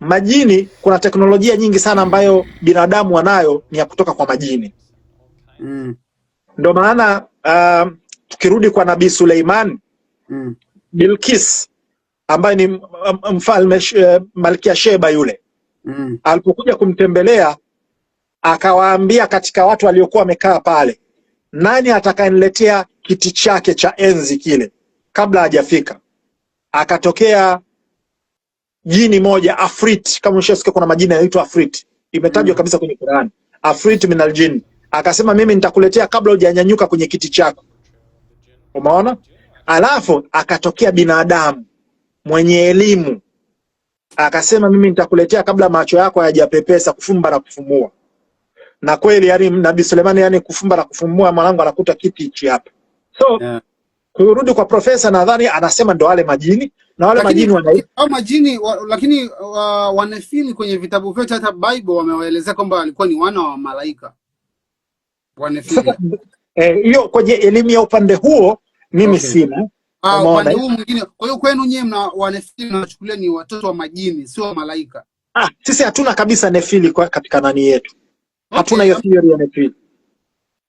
majini kuna teknolojia nyingi sana ambayo binadamu wanayo ni ya kutoka kwa majini mm. maana uh, tukirudi kwa Nabii Suleiman mm. Bilkis ambaye ni uh, mfalme uh, Malkia Sheba yule mm. alipokuja kumtembelea akawaambia katika watu waliokuwa wamekaa pale, nani atakayeniletea kiti chake cha enzi kile? Kabla hajafika akatokea jini moja Afrit, kama ushasikia kuna majina yanaitwa Afrit, imetajwa mm. kabisa kwenye Qur'an, Afrit min aljin, Akasema mimi nitakuletea kabla hujanyanyuka kwenye kiti chako, umeona? Alafu akatokea binadamu mwenye elimu akasema mimi nitakuletea kabla macho yako hayajapepesa kufumba na kufumua. Na kweli yani Nabii Sulemani, yani kufumba na kufumua, mwanangu anakuta kiti hichi hapa. So yeah. kurudi kwa profesa, nadhani anasema ndo wale majini na wale majini wanaitwa au majini wa, lakini uh, wanafili kwenye vitabu vyote hata Bible wamewaelezea kwamba walikuwa ni wana wa malaika wanefili eh, Hiyo eh, kwenye elimu ya upande huo mimi okay. Sina ah, upande huu mwingine. Kwa hiyo kwenu nyie mna wanefili mnachukulia ni watoto wa majini, sio wa malaika? Ah, sisi hatuna kabisa nefili kwa katika nani yetu okay. Hatuna hiyo theory ya nefili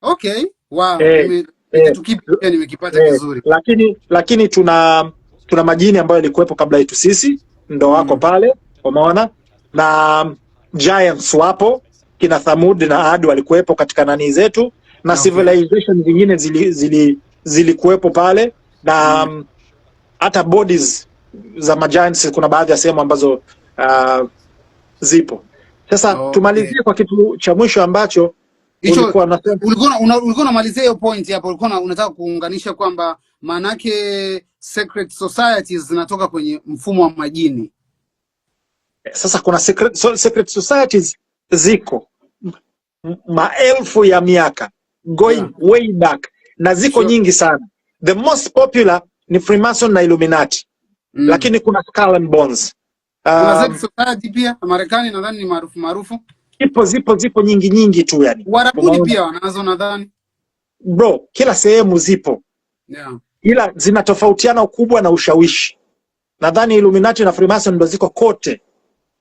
okay. Wow. Eh, eh, eh, nimekipata eh, vizuri lakini, lakini tuna tuna majini ambayo yalikuwepo kabla yetu sisi, ndo wako mm. pale, umeona na giants wapo kina Thamud na ad walikuwepo katika nani zetu na okay. civilization zingine zili zili zilikuwepo pale na mm. Um, hata mm. bodies za magiants kuna baadhi ya sehemu ambazo uh, zipo sasa. Okay. Tumalizie kwa kitu cha mwisho ambacho ulikuwa unamalizia hiyo point hapo, ulikuwa unataka kuunganisha kwamba maanake secret societies zinatoka kwenye mfumo wa majini. Sasa kuna secret, so, secret societies ziko maelfu ya miaka going yeah, way back na ziko sure, nyingi sana. The most popular ni Freemason na Illuminati mm, lakini kuna Skull and Bones. Um, society pia Marekani nadhani ni maarufu maarufu, ipo zipo zipo nyingi nyingi tu yani. Warabuni pia wanazo nadhani, bro, kila sehemu zipo yeah ila zinatofautiana ukubwa na ushawishi. Nadhani Illuminati na Freemason ndo ziko kote.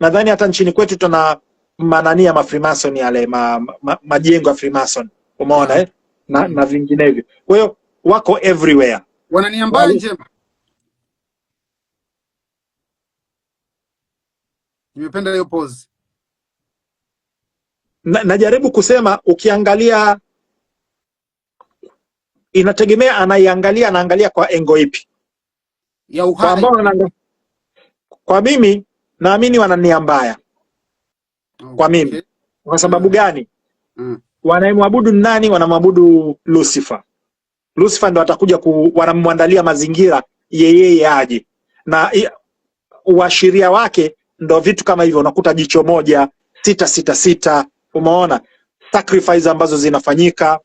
Nadhani hata nchini kwetu tuna manani ya mafreemason yale ma, ma, majengo ya Freemason umeona eh? na, na vinginevyo. Kwa hiyo wako everywhere, wana nia njema. Nimependa hiyo pose na, najaribu kusema ukiangalia inategemea anaiangalia, anaangalia kwa engo ipi ya uhai. Kwa, kwa mimi naamini wanania mbaya Kwa mimi kwa sababu mm. gani mm. wanamwabudu nani? Wanamwabudu Lucifer. Lucifer ndo atakuja ku, wanamwandalia mazingira yeyeye aje na uashiria wake ndo vitu kama hivyo, unakuta jicho moja sita sita sita, umeona sacrifice ambazo zinafanyika,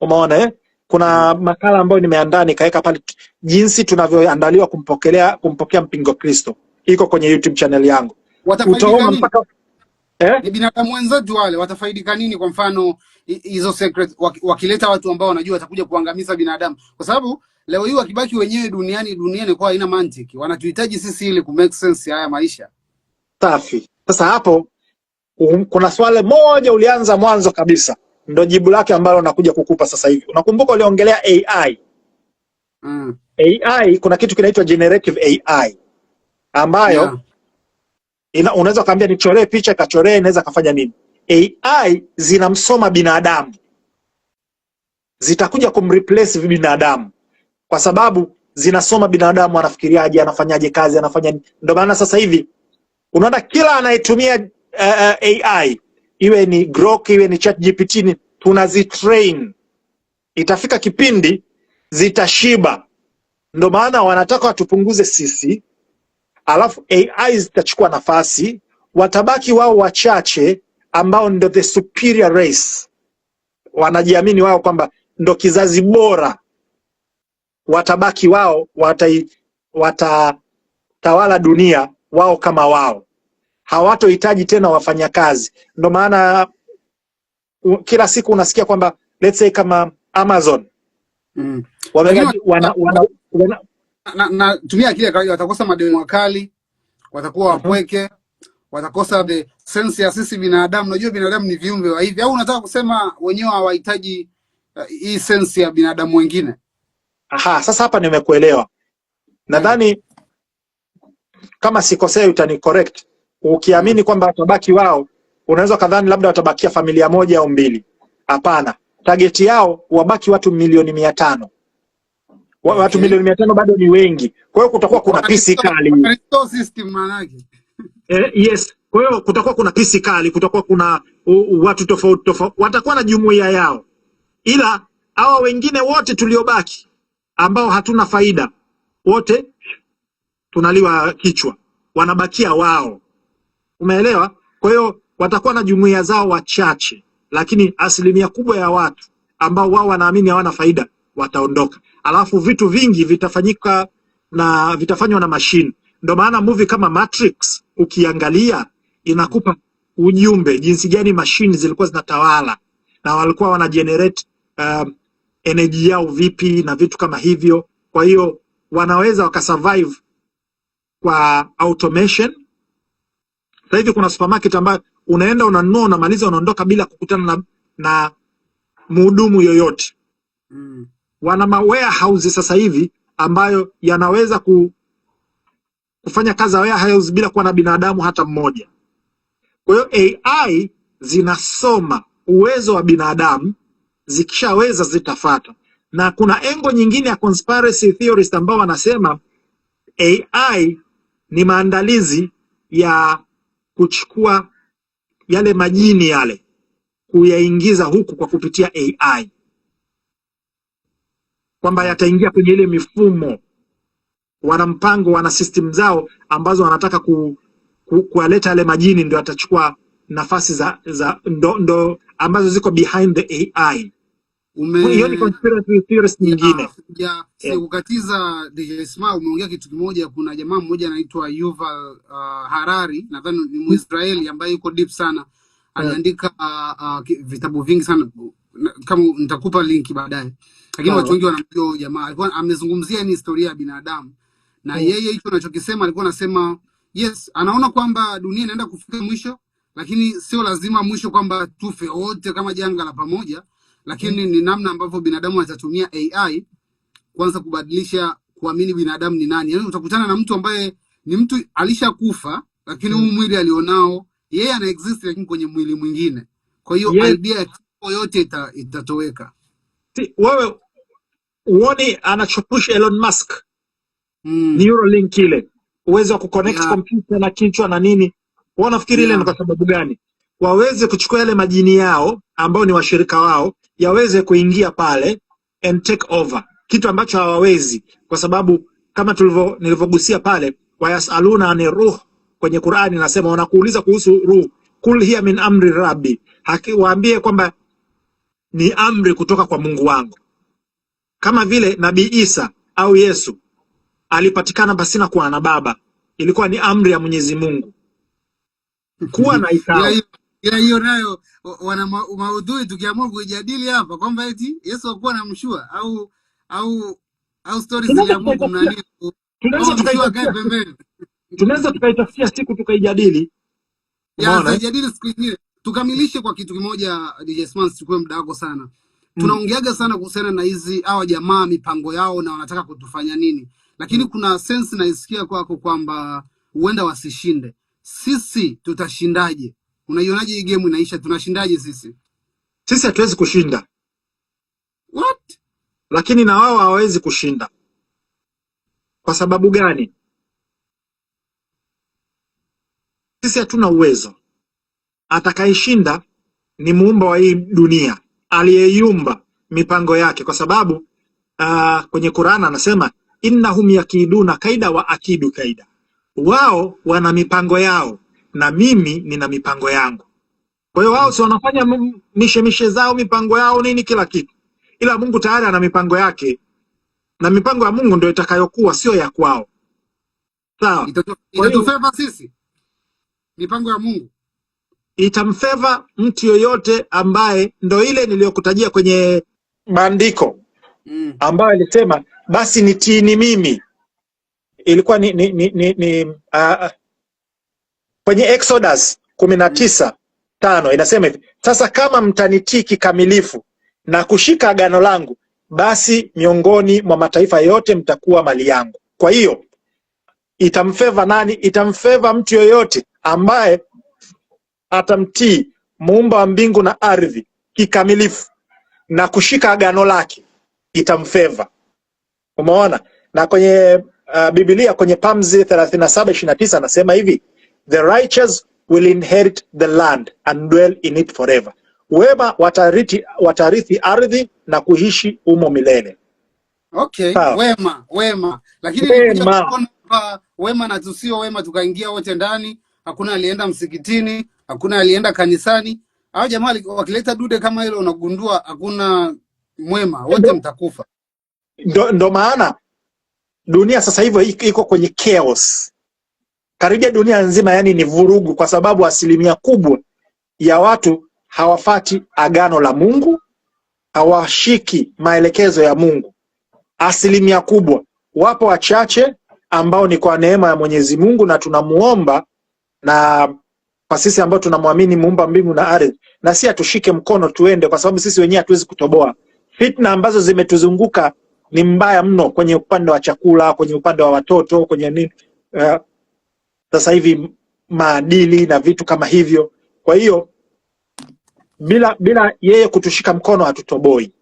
umeona eh? kuna makala ambayo nimeandaa nikaweka pale jinsi tunavyoandaliwa kumpokelea kumpokea mpingo Kristo, iko kwenye YouTube channel yangu. Utaona mpaka eh, ni binadamu wenzetu wale watafaidika nini? Kwa mfano hizo secret wakileta watu ambao wanajua watakuja kuangamiza binadamu, kwa sababu leo hii wakibaki wenyewe duniani, dunia ni kwa haina mantiki, wanatuhitaji sisi ili ku make sense ya haya maisha. Safi. Sasa hapo um, kuna swali moja ulianza mwanzo kabisa ndo jibu lake ambalo nakuja kukupa sasa hivi. Unakumbuka uliongelea AI mm. AI kuna kitu kinaitwa generative AI ambayo yeah. Ina, unaweza ukaambia nichoree picha ikachoree, inaweza kafanya nini. AI zinamsoma binadamu, zitakuja kumreplace binadamu kwa sababu zinasoma binadamu anafikiriaje, anafanyaje kazi, anafanya nini. Ndio maana sasa hivi unaona kila anayetumia uh, eh, eh, AI iwe ni Grok, iwe ni ChatGPT, tunazitrain. Itafika kipindi zitashiba. ndo maana wanataka watupunguze sisi, alafu AI zitachukua nafasi, watabaki wao wachache ambao ndo the superior race, wanajiamini wao kwamba ndo kizazi bora. Watabaki wao watatawala watatawala dunia wao kama wao hawatohitaji tena wafanyakazi. Ndio maana kila siku unasikia kwamba let's say kama Amazon mm. wamegaji, wana, wana, wana, na, na tumia akili ya kawaida, watakosa madeni makali, watakuwa mhm. wapweke, watakosa the sense ya sisi binadamu. Unajua binadamu ni viumbe wa hivi, au unataka kusema wenyewe hawahitaji uh, hii sense ya binadamu wengine? Aha, sasa hapa nimekuelewa. Nadhani mm. kama sikosea utani correct ukiamini kwamba watabaki wao, unaweza kadhani labda watabakia familia moja au mbili. Hapana, tageti yao wabaki watu milioni mia tano. Watu milioni mia tano bado ni wengi, kwa hiyo kutakuwa kuna pisi kali eh, yes. Kwa hiyo kutakuwa kuna pisi kali, kutakuwa kuna watu tofauti tofauti, watakuwa na jumuiya yao, ila hawa wengine wote tuliobaki ambao hatuna faida wote tunaliwa kichwa, wanabakia wao. Umeelewa? Kwa hiyo watakuwa na jumuiya zao wachache, lakini asilimia kubwa ya watu ambao wao wanaamini hawana faida wataondoka, alafu vitu vingi vitafanyika na vitafanywa na mashine. Ndio maana movie kama Matrix ukiangalia inakupa ujumbe jinsi gani mashine zilikuwa zinatawala na walikuwa wana generate um, energy yao vipi na vitu kama hivyo. Kwa hiyo wanaweza wakasurvive kwa automation sasa hivi kuna supermarket ambayo unaenda unanunua unamaliza unaondoka bila kukutana na, na mhudumu yoyote mm. Wana ma warehouse sasa hivi ambayo yanaweza ku, kufanya kazi ya warehouse bila kuwa na binadamu hata mmoja. Kwa hiyo AI zinasoma uwezo wa binadamu, zikishaweza zitafata. Na kuna engo nyingine ya conspiracy theorist ambao wanasema AI ni maandalizi ya kuchukua yale majini yale kuyaingiza huku kwa kupitia AI, kwamba yataingia kwenye ile mifumo. Wana mpango, wana system zao ambazo wanataka ku, ku, kuwaleta yale majini, ndio atachukua nafasi za, za ndo, ndo ambazo ziko behind the AI hiyo ni conspiracy theory nyingine ya eh. sikukatiza. DJ Sma, umeongea kitu kimoja. Kuna jamaa mmoja anaitwa Yuval uh, Harari, nadhani ni Mwisraeli ambaye yuko deep sana, aliandika eh. uh, uh, vitabu vingi sana kama nitakupa link baadaye, lakini watu wengi wanamjua huyo jamaa. Alikuwa amezungumzia ni historia ya binadamu na yeah. Yeye hicho anachokisema alikuwa anasema yes, anaona kwamba dunia inaenda kufika mwisho, lakini sio lazima mwisho kwamba tufe wote kama janga la pamoja lakini mm. ni namna ambavyo binadamu watatumia AI kwanza kubadilisha kuamini binadamu ni nani. Yaani utakutana na mtu ambaye ni mtu alishakufa, lakini huu mm. mwili alionao yeye ana exist, lakini kwenye mwili mwingine. Kwa hiyo yes. idea yote ita, itatoweka. Wewe uone anachopusha Elon Musk mm. Neuralink ile uwezo wa kuconnect yeah. na kichwa na nini, wanafikiri yeah. ile ni kwa sababu gani waweze kuchukua yale majini yao ambao ni washirika wao yaweze kuingia pale and take over, kitu ambacho hawawezi kwa sababu kama tulivyo nilivyogusia pale, wayasaluna ni ruh kwenye Qur'ani, nasema wanakuuliza kuhusu ruh, kul hiya min amri rabbi, hakiwaambie kwamba ni amri kutoka kwa Mungu wangu. Kama vile Nabii Isa au Yesu alipatikana pasina kuwa na baba, ilikuwa ni amri ya Mwenyezi Mungu kuwa na ikao ila hiyo nayo wana maudhui tukiamua kuijadili hapa kwamba eti Yesu akuwa na mshua au au au stori Mungu mnani tunaweza pembeni tunaweza tukaitafsia siku tukaijadili, ya tukaijadili siku nyingine tukamilishe kwa kitu kimoja. DJ Smans, chukue muda wako sana. Tunaongeaga sana kuhusiana na hizi hawa jamaa mipango yao na wanataka kutufanya nini, lakini kuna sense naisikia kwako kwamba huenda wasishinde. Sisi tutashindaje? Unaionaje hii game inaisha? Tunashindaje sisi? Sisi hatuwezi kushinda. What? Lakini na wao hawawezi kushinda. Kwa sababu gani? Sisi hatuna uwezo. Atakayeshinda ni muumba wa hii dunia, aliyeiumba mipango yake, kwa sababu uh, kwenye Qur'an anasema innahum yakiduna kaida wa akidu kaida, wao wana mipango yao na mimi nina mipango yangu. Kwa hiyo wao si wanafanya mishemishe zao mipango yao nini kila kitu, ila Mungu tayari ana mipango yake, na mipango ya Mungu ndio itakayokuwa, sio ya kwao. Sawa, itatufeva sisi, mipango ya Mungu itamfeva mtu yoyote ambaye, ndo ile niliyokutajia kwenye maandiko mm, ambayo alisema basi nitiini mimi, ilikuwa ni, ni, ni, ni, ni uh, Kwenye Exodus kumi na tisa tano inasema hivi, sasa kama mtanitii kikamilifu na kushika agano langu, basi miongoni mwa mataifa yote mtakuwa mali yangu. Kwa hiyo itamfeva nani? Itamfeva mtu yoyote ambaye atamtii muumba wa mbingu na ardhi kikamilifu na kushika agano lake, itamfeva. Umeona? Na kwenye uh, Biblia kwenye Pamzi 37:29 anasema hivi the righteous will inherit the land and dwell in it forever, wema watarithi, watarithi ardhi na kuishi humo milele. Okay, ha. Wema wema, lakini wema. Wema na tusio wema tukaingia wote ndani, hakuna alienda msikitini, hakuna alienda kanisani. Hao jamaa wakileta dude kama hilo, unagundua hakuna mwema, wote mtakufa. Ndo, ndo maana dunia sasa hivyo iko kwenye chaos karibia dunia nzima, yani ni vurugu, kwa sababu asilimia kubwa ya watu hawafati agano la Mungu, hawashiki maelekezo ya Mungu. Asilimia kubwa, wapo wachache ambao ni kwa neema ya Mwenyezi Mungu, na tunamuomba na kwa sisi ambao tunamwamini muumba mbingu na ardhi, na si atushike mkono tuende, kwa sababu sisi wenyewe hatuwezi kutoboa. Fitna ambazo zimetuzunguka ni mbaya mno, kwenye upande wa chakula, kwenye upande wa watoto, kwenye nini uh, sasa hivi maadili na vitu kama hivyo. Kwa hiyo bila bila yeye kutushika mkono hatutoboi.